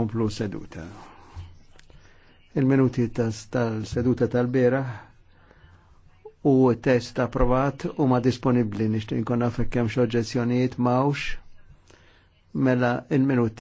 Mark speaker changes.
Speaker 1: komplu seduta. Il-minuti tal-seduta tal-bera u test approvat u ma disponibli nishtin konna fekkem xoġezzjoniet mawx mela il-minuti